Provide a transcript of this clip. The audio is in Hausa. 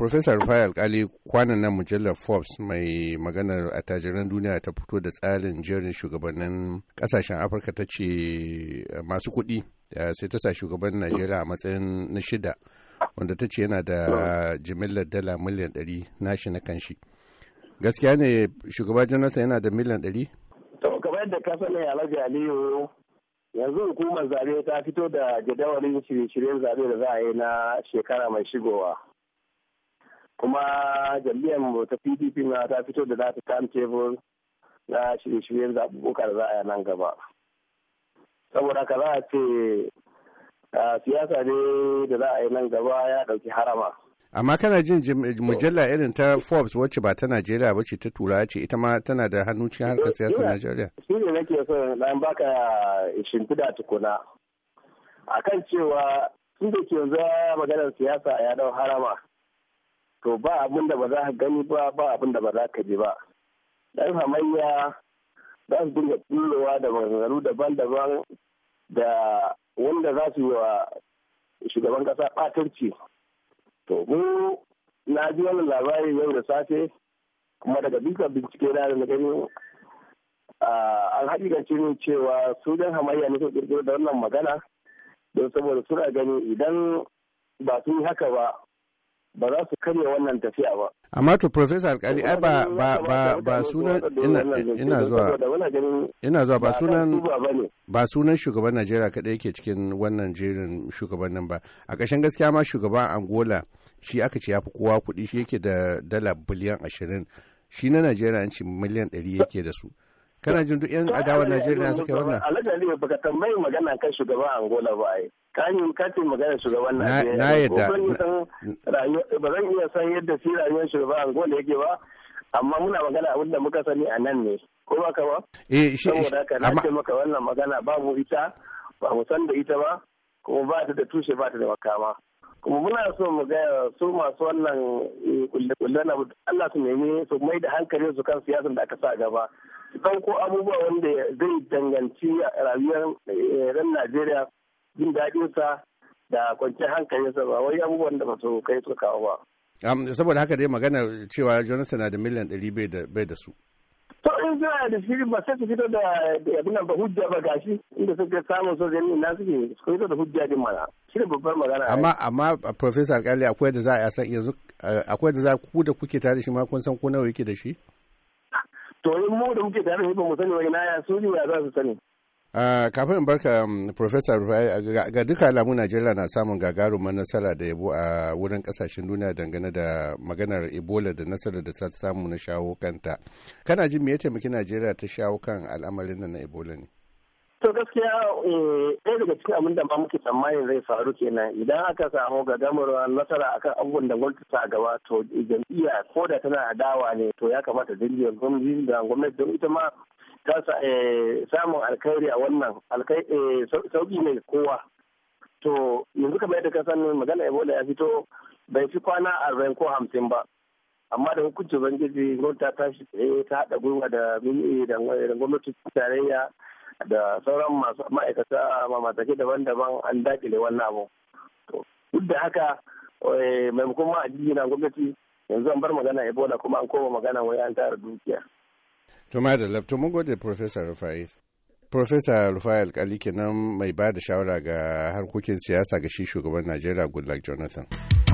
Profesa Rufai Alkali kwanan nan mujallar Forbes mai maganar attajiran duniya ta fito da tsarin jerin shugabannin kasashen Afirka ta ce eh, masu kuɗi eh, sai ta sa shugaban Najeriya a matsayin na shida wanda ta ce yana da jimillar dala miliyan ɗari nashi na kanshi. Gaskiya ne shugaba Jonathan yana da miliyan ɗari? To, kamar yadda ka sani Alhaji Aliyu yanzu hukumar zabe ta fito da jadawalin shirye-shiryen zabe da za a yi na shekara mai shigowa. kuma jam'iyyar mu ta pdp na ta fito da nata timetable na shirye-shiryen zaɓuɓɓuka da za a yi nan gaba saboda ka za a ce siyasa ne da za a yi nan gaba ya ɗauki harama amma kana jin mujalla irin ta forbes wacce ba ta najeriya ba ce ta tura ce ita ma tana da hannu cikin harkar siyasar najeriya shi ne nake so dan baka shimfida tukuna A kan cewa tun da ke yanzu maganar siyasa ya dau harama to ba abin da ba za ka gani ba ba abin da ba za ka ji ba dan hamayya za su dinga tsirowa da maganganu daban-daban da wanda za su yi wa shugaban kasa batarci to mu na ji wannan labari yau da safe kuma daga duka bincike na da gani an hakikacin cewa su dan hamayya ne su kirkiro da wannan magana don saboda suna gani idan ba su yi haka ba ba za su karya wannan tafiya ba. Amma to Profesa Alkali ai ba ba ba ba sunan ina zuwa ina zuwa ba sunan ba sunan shugaban Najeriya kadai yake cikin wannan jerin shugabannin ba. A ƙarshen gaskiya ma shugaban Angola shi aka ce ya fi kowa kuɗi shi yake da dala biliyan ashirin shi na Najeriya an ce miliyan ɗari yake da su. kana jin duk yan adawar Najeriya suka wannan Alhaji Aliyu baka tambayi magana kan shugaban Angola ba ai ka yi katin magana shugaban Najeriya na yadda ba zan iya san yadda shi rayuwar shugaban Angola yake ba amma muna magana abin da muka sani a nan ne ko ba ka ba eh shi saboda na ce maka wannan magana babu ita ba mu san da ita ba kuma ba ta da tushe ba ta da makama kuma muna so mu ga su masu wannan eh, kulle-kulle na Allah su nemi su mai da hankali su kan siyasan da aka sa gaba su ko abubuwa wanda zai danganci rayuwar eh, ran Najeriya jin daɗinsa da kwanciyar sa ba wai abubuwan da ba su kai su kawo ba. saboda haka dai magana cewa jonathan na da miliyan ɗari bai da su suna da shiri ba sai su fito da abin da ba hujja ba gashi inda suka samu so zai na suke su fito da hujja din mana shi babbar magana amma amma uh, professor alkali akwai da za a san yanzu uh, akwai da za ku da kuke tare shi ma kun san ko nawa yake da shi to in mu da muke tare da shi ba mu sani wani na ya su ya za su sani kafin in barka um, professor rufai ga duka alamu najeriya na samun gagarumar nasara da yabo a wurin kasashen duniya dangane da maganar ebola da nasara da ta samu na shawo kanta kana jin me ya taimaki najeriya ta shawo kan al'amarin na ebola ne to gaskiya eh, ɗaya daga cikin abin da ba muke tsammanin zai faru kenan idan aka samu gagamarwa nasara akan abubuwan da gwamnati ta gaba to jam'iyya ko da tana dawa ne to ya kamata da gwamnati da gwamnati don ita ma ta eh, samun alkhairi a wannan eh, sauki ne kowa to yanzu kamar yadda ka sani magana ebola ya fito bai fi kwana arba'in ko hamsin ba amma da hukuncin ubangiji ta tashi tsaye ta haɗa gwiwa da da ta tarayya da sauran masu ma'aikata mamatake daban-daban an dakile wannan abu duk da haka eh, maimakon ma a na gwamnati yanzu an bar magana ebola kuma an koma magana wai an tara dukiya Tuma da lafto mun gode Professor Rufai. Professor Rufai Alkali kenan mai ba da shawara ga harkokin siyasa ga shi shugaban Najeriya Goodluck Jonathan.